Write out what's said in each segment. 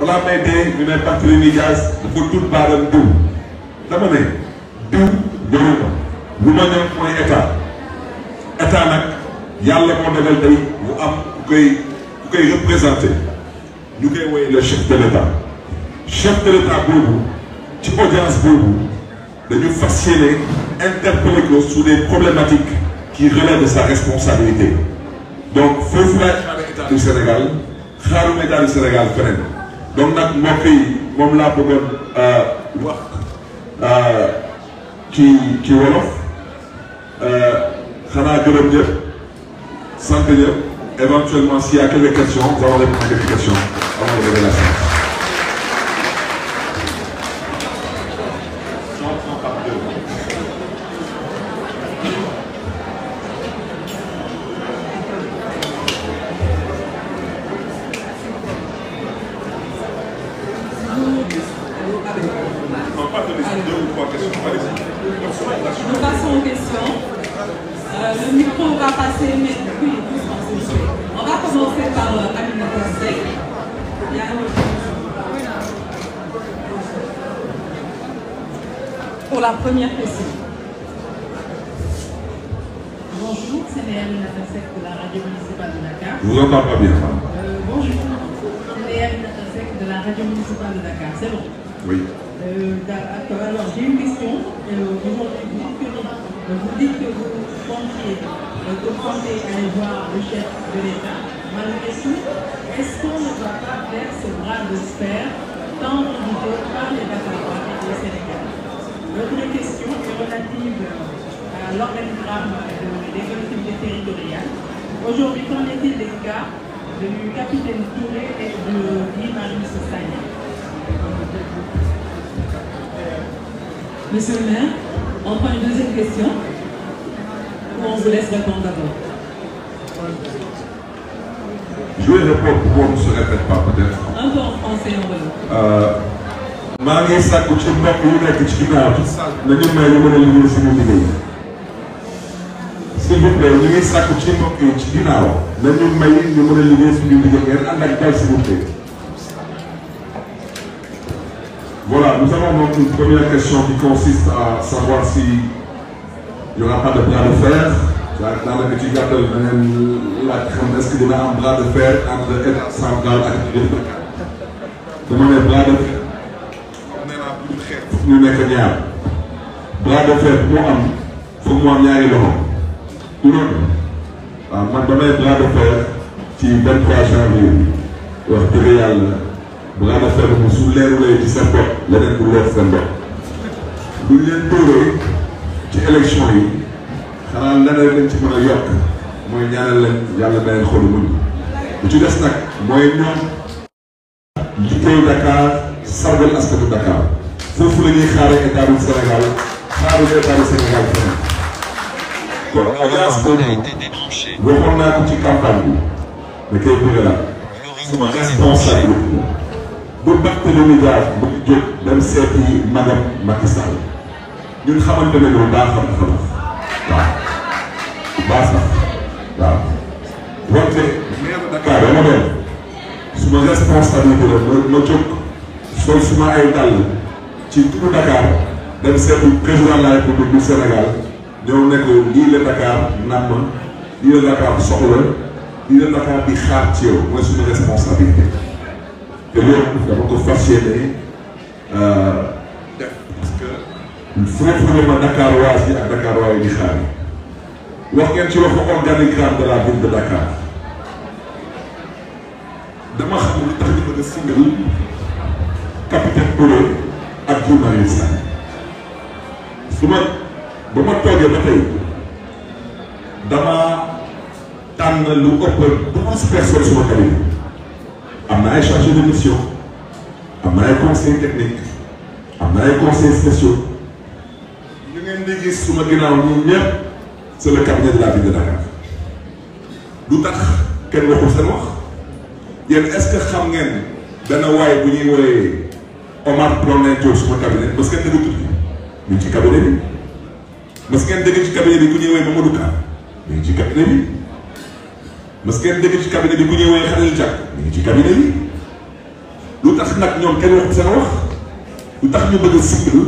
balaa may dee ñu ne Barthélémy Dias dafa tudd baaram diw dama ne diw ñëwul ma ma ñor mooy état état nag yàlla moo dogal tey mu am ku koy ku koy représenté ñu koy woy le chef de l' chef de l' boobu ci audience boobu dañu fas yéene interpellé des problématiques qui relèvent sa responsabilité donc foofu laay xaare Sénégal xaaruma état du Sénégal feneen. donc nag mbokk yi moom laa bëggoon euh, wax euh, ci ci wolof euh, xanaa gërëm ñëpp sant éventuellement s'il y a quelques questions nous allons répondre à des questions pour la première question. Bonjour, c'est Natasek de la radio municipale de Dakar. Je vous entends pas bien. Euh, bonjour, Léa Natasek de la radio municipale de Dakar, c'est bon Oui. Euh, alors, j'ai une question. Euh, vous dites que vous comptiez, euh, que vous comptez le chef de l'État. Malgré tout, est-ce qu'on ne pas faire ce bras de fer tant vous par les Dakarois et les Sénégalais Donc une question est relative euh, à l'organigramme des collectivités territoriales. Aujourd'hui, qu'en est-il des cas du capitaine Touré et de Guy Marius Sagna Monsieur le maire, on prend une deuxième question ou on vous laisse répondre d'abord Je vais répondre pour qu'on ne se répète pas peut-être. Un peu en français, en maa ngi sàkku ci mbokk yu nekk ci ginnaaw nañu may ñu mën a liggéey suñu liggéey s'il ngi sàkku ci mbokk yi ci may ñu mën a liggéey suñu liggéey ngeen ànd ak dal s'il vous plaît voilà nous avons donc question qui consiste à savoir si il n'y de bras de fer daanaka ci gàttal da ngeen laaj xam est-ce que dina am bras de fer entre Central ak dama ne bras fer ñu nekk ñaar bras de fer mu am foog mu am ñaari loxo du noonu waaw man damay bras de fer ci vingt trois bi wax dëgg yàlla bras de fer bu su leerulee ci seen leer seen bopp buñ leen dóoree ci élection yi xanaa leneen lañ a yokk mooy ñaanal leen yàlla beneen xolu muñ bu des nag mooy ñoom liggéey Dakar sargal askanu Dakar foofu la ñuy xaaree état bu Sénégal xaaruñu état bu Sénégal feneen. kon alliance boobu waxoon naa ko ci campagne bi da koy bëgg sama responsabilité bu Barthélémy Dias bu ñu jóg dem seeti madame Macky Sall ñun xamante ne loolu baax na fa waaw baax na waaw wante maire Dakar dama doon suma responsabilité la ma ma jóg sol suma ay dàll ci turu Dakar dem seetu président de la du Sénégal ñëw ne lii la Dakar namm lii la Dakar soxla lii la Dakar di xaar ci yow mooy suñu responsabilité te loolu dama ko fas yéene euh, def parce ma fu ma Dakar ak Dakar waaye di xaar wax ngeen ci waxu organigramme de la ville de Dakar dama xam lu tax ñu bëgg a singal capitaine Touré ak journaliste la su ma ba ma toogee ba tey damaa tànn lu ëpp douze personnes suma cabinet am na ay chargé de mission am na ay conseil technique am na ay conseil spéciaux ñu ngeen di gis suma ginnaaw ñun ñëpp c'est le cabinet de la ville de Dakar lu tax kenn waxul seen wax yéen est xam ngeen dana waay bu ñuy woowee Omar Blondin Diop suma cabinet mas ngeen dégg tudd mi ngi ci cabinet bi mas ngeen dégg ci cabinet bi ku ñuy woowee Ka ci cabinet bi lu tax nag ñoom kenn waxu seen wax lu tax ñu bëgg a sikkal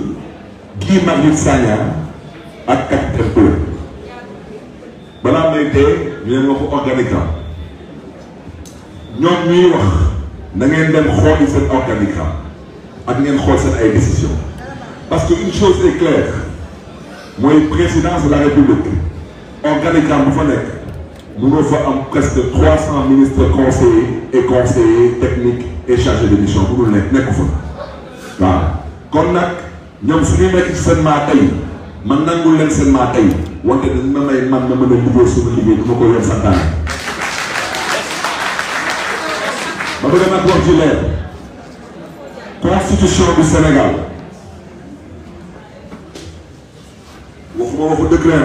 Guy Marius Sagna ak capitaine Touré balaa may dee ñu leen waxu organigramme ñoom ñuy wax na ngeen dem xooli seen organigramme ak ngeen xool seen ay décision parce que une chose est claire mooy présidence de la république organigramme bu fa nekk mënoo fa am presque trois cent ministre conseillers et conseillers techniques et chargés de mission mënul nekk nekku fa waaw kon nag ñoom su ñuy nekk ci seen maa tey man nangul leen seen maa tey wante dañ ma may man ma mën a liggéey suma liggéey du ma ko yor santaane ma bëgg nag wax ci leer constitution du Sénégal waxuma waxu décret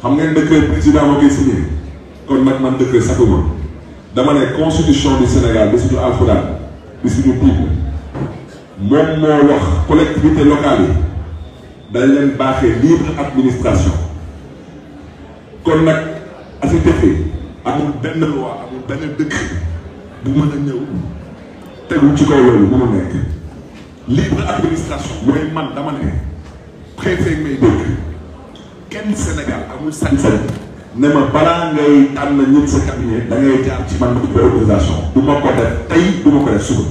xam ngeen décret président moo koy signé kon nag man décret sakuma dama ne constitution du Sénégal di suñu alxuraan di suñu Bible moom moo wax collectivité locale yi dañ leen baaxee libre administration kon nag asitëfi amul benn loi amul benn décret bu mën a ñëw tegu ci kaw loolu mënul nekk libre administration mooy man dama ne may dégg kenn Sénégal amul sañ-sañ ne ma balaa ngay tànn ñun sa cabinet da ngay jaar ci man ma autorisation du ma ko def tey du ma ko def suba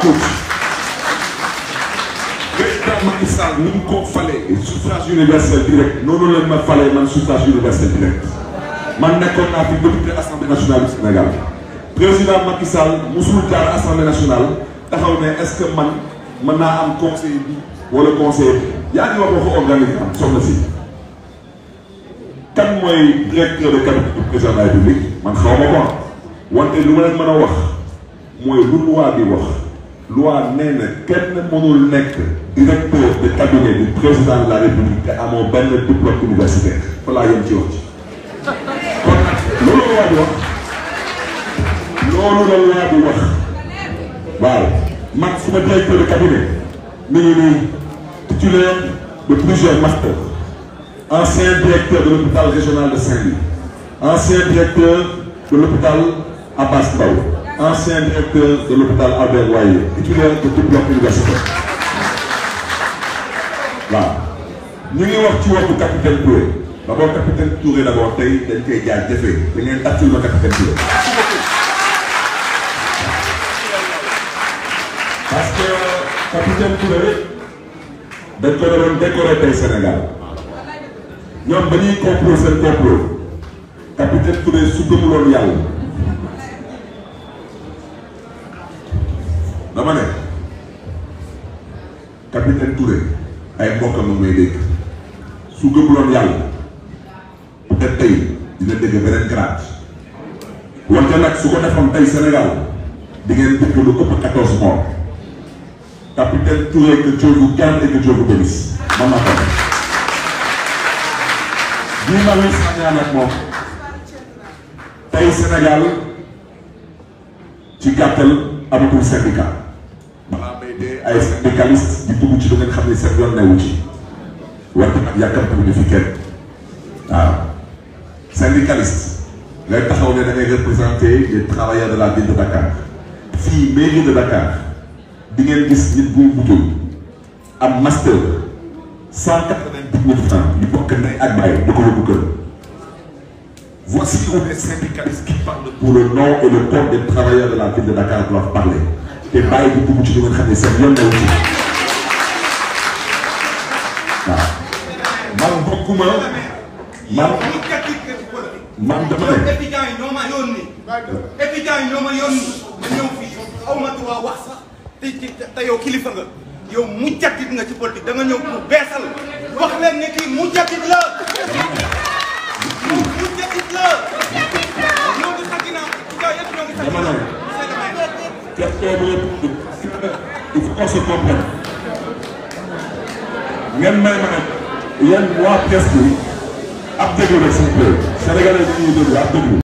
amul président Macky Sall ni mu ko falee suffrage universel direct noonu la ma falee man suffrage universel direct man nekkoon naa fi député assemblée nationale du président Macky Sall musul jaar assemblée ne est man mën naa am conseil wala conseil bi yaa ngi wax waxu organisme soxna si kan mooy directeur de cabinet du président de la République man xaw a wax mooy lu loi bi wax loi de cabinet du président fa laa yem ci wax loolu la loi bi wax waaw man suma directeur de cabinet mi ngi nii titulaire de plusieurs masters ancien directeur de l'hôpital régional de Saint-Louis ancien directeur de l'hôpital Abass Ndao ancien directeur de l'hôpital Albert Royer titulaire de diplôme universitaire waaw ñu ngi wax ci waxu capitaine Touré d'abord capitaine Touré d'abord tey dañ koy jaar jafe da ngeen tàccul capitaine Touré capitaine Touré dañ ko doon décorer tey Sénégal ñoom ba ñuy complot seen complot capitaine Touré su gëmuloon yàlla dama ne capitaine Touré ay mbokkam moom may dégg su gëmuloon yàlla peut-être tey dina dégg beneen grade wante nag su ko defoon tey Sénégal di ngeen dégg lu ëpp 14 morts. Capitaine Touré, que Dieu vous garde et que Dieu vous bénisse. Bon matin. Guy Marius Sagna nag moom tey Sénégal ci gàttal amatul syndicat balaa may dee ay di dugg ci lu ngeen xam ne seen yoon newu ci wante nag yàkkamtuñu fi kenn waaw syndicaliste ngay taxaw ne da ngay la ville de Dakar fii mairie de Dakar di ngeen gis nit buy butul am master cent quatre-vingt-dix mille francs yu bokk ndey ak baay di ko yóbbu kër. voici où les syndicalistes qui parlent pour le nom et le compte des travailleurs de la ville de Dakar doivent parler te bàyyi bu dugg ci li nga xam ne seen yoon nañu ci waaw. man bokkuma man man dama ne. étudiants yi ñoo ma yónni. étudiants yi ñoo ma yónni ma ñëw fii aw ma droit wax sax. te yow kilifa nga yow mujjatit nga ci politique da ñëw pour beesal wax leen ne kii la mujjatit la ñoo ngi xagina jaw yëpp ñoo ngi xagina question bi il faut qu'on se comprenne waa presse bi ab déglu rek s'il vous plaît sénégalais yi ab déglu